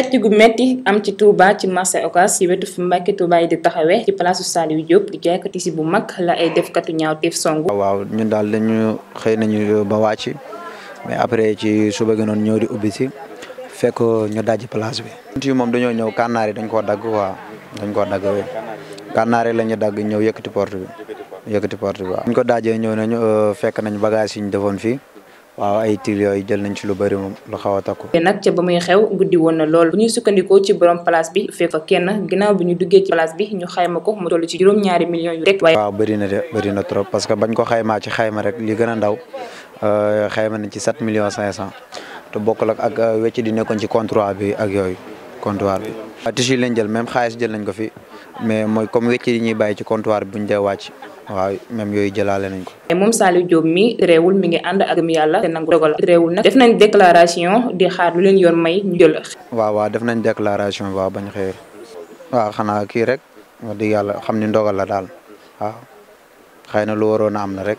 sàcc gu metti am ci Touba ci marché Ocass ci wetu fi Mbàkke Touba yi di taxawee ci palaasu Saliou Diop di jaaykati si bu mag la ay defkatu ñaaw teef songu ah, waaw ñun daal ñu xëy nañu ba wàcc mais après ci suba gi noonu ñëw di ubbi si fekk ñu dajji place bi bunt yi moom dañoo ñëw kànnaar dañ koo dagg waa dañ koo dagg we kànnaar yi ñu dagg ñëw yëkkati porte bi yëkkati porte bi waaw ñu ko daajee ñëw nañu euh, fekk nañ bagage yi ñu defoon fii waaw ay yooyu jël nañ ci lu bëri moom lu xaw a takku. nag ca ba muy xew guddi woon na lool bu ñuy sukkandikoo ci borom place bi fekk fa kenn ginnaaw bi ñu duggee ci place bi ñu ma ko mu toll ci juróom-ñaari millions yu rek. waaw bëri na de bëri trop parce que bañ ko xaymaa ci ma rek li gën a ndaw euh, xayma nañ ci million millions 500 te bokk ak ak euh, wecc di nekkoon ci comptoir bi ak yooyu comptoir bi. tissu lañ jël même xaalis jël nañ ko fi mais mooy comme wecc ñuy bàyyi ci comptoir bi buñ dee wàcc. waaw même yooyu jëlaale nañ ko. moom saali Diop reewul mi ngi ànd ak yàlla te nangu dogal réewul nag def nañ déclaration di xaar lu leen yoon may ñu jël. waaw def nañ déclaration waaw bañ xëy waaw xanaa kii rek wax dëgg yàlla xam ni ndogal la daal waaw xëy na lu waroon a am na rek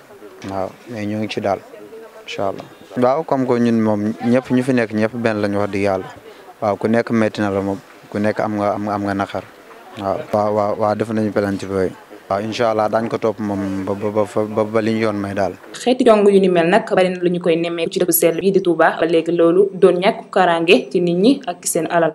waaw mais ñu ngi ci daal incha allah. waaw comme que ñun moom ñëpp ñu fi nekk ñëpp benn lañ wax dëgg yàlla waaw ku nekk métti na la moom ku nekk am nga am nga naxar waaw. waaw waaw waaw def nañu plainte waaw incha allah daañu ko topp moom ba ba ba ba li ñu yoon may daal. xeeti jong yu ni mel nag bari na lu ñu koy nemmeeku ci dëkk sell bi di Touba loolu doon ñàkk kaaraange ci nit ñi ak alal.